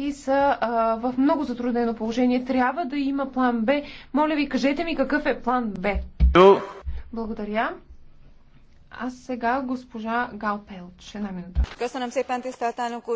членки са а, в много затруднено положение. Трябва да има план Б. Моля ви, кажете ми какъв е план Б. Благодаря. А сега госпожа Галпел, Една минута.